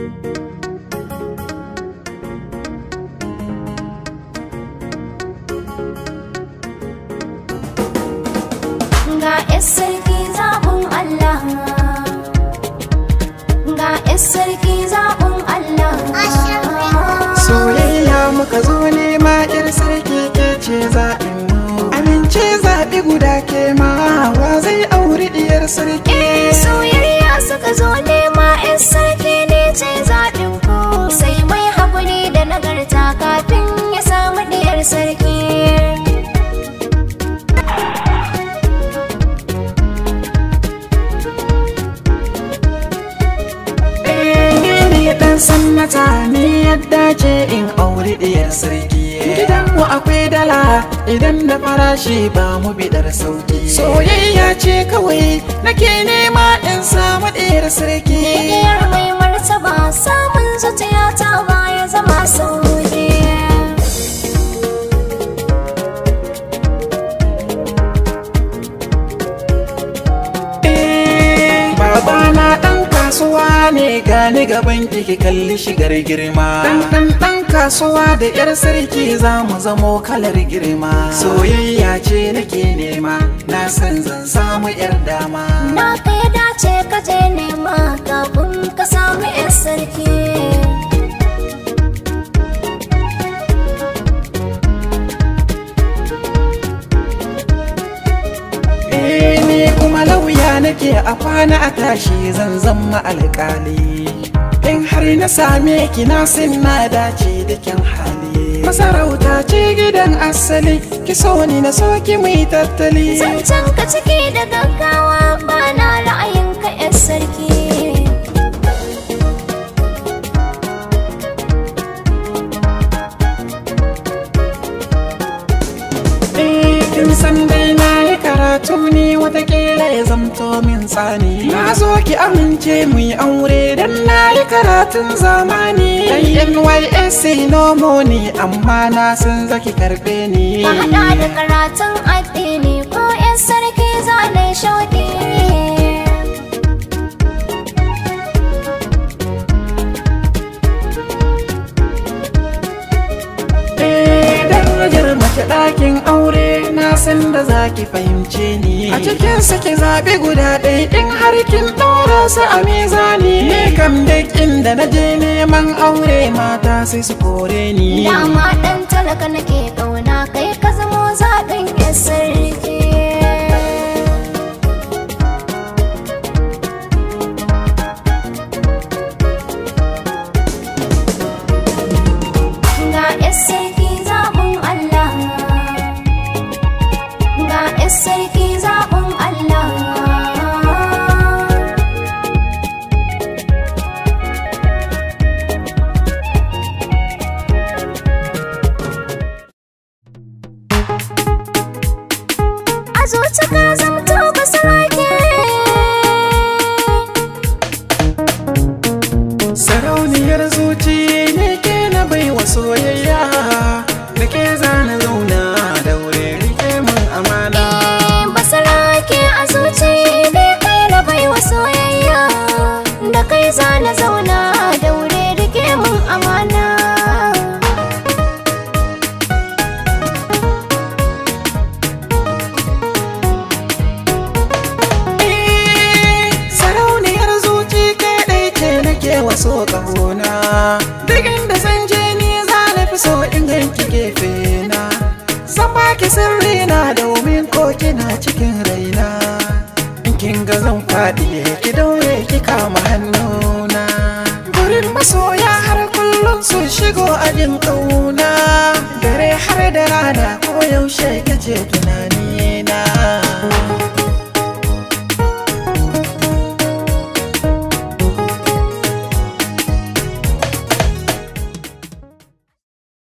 Ga 'yar sarki zaɓin Allah Ga 'yar sarki zaɓin Allah Soyayya muka zo nema ƴar sarki ke ce zaɓin Amince zaɓi guda ke ma wa zai auri ɗiyar sarki sarki san sannata, ni yadda ce in auri ɗiyar sarki mu akwai dala idan na farashi ba mu bidar sauki soyayya ce kawai nake nema in samu ɗiyar sarki ne gani gaban ki ki kalli shigar girma dan dan dan kasuwa da yar sarki za mu zamo kalar girma soyayya ce nake nema na san zan samu yar dama na kai dace ka je nema kafin ka samu yar sarki nake a kwana a tashi zan zama alƙali in har na same ki na sin na dace da kyan hali masarauta ce gidan asali ki so ni na so ki mai tattali Zan ka ciki da gaggawa ba na ra'ayin ka sarki min tsani na zo ki amince mu yi aure dan na yi karatun zamani dan nysc no ne amma na san zaki karbe ni ka hada da karatun addini ko yan sarki za na shauki eh, Darajar mace ɗakin aure san da za ki fahimce ni a cikin su ki zaɓi guda ɗaya in har kin ɗora su a mizani ne kam duk da na je neman aure mata sai su kore ni da ma ɗan talaka nake ƙauna kai ka sarki zaɓin Allah so kahona duk inda san je ni za na fi so in ganki gefe na san ki sirri na domin ko kina cikin raina in kin ga zan faɗi ki daure ki kama hannu na. gurin masoya har kullum sun shigo ajin ƙauna dare har da rana ko yaushe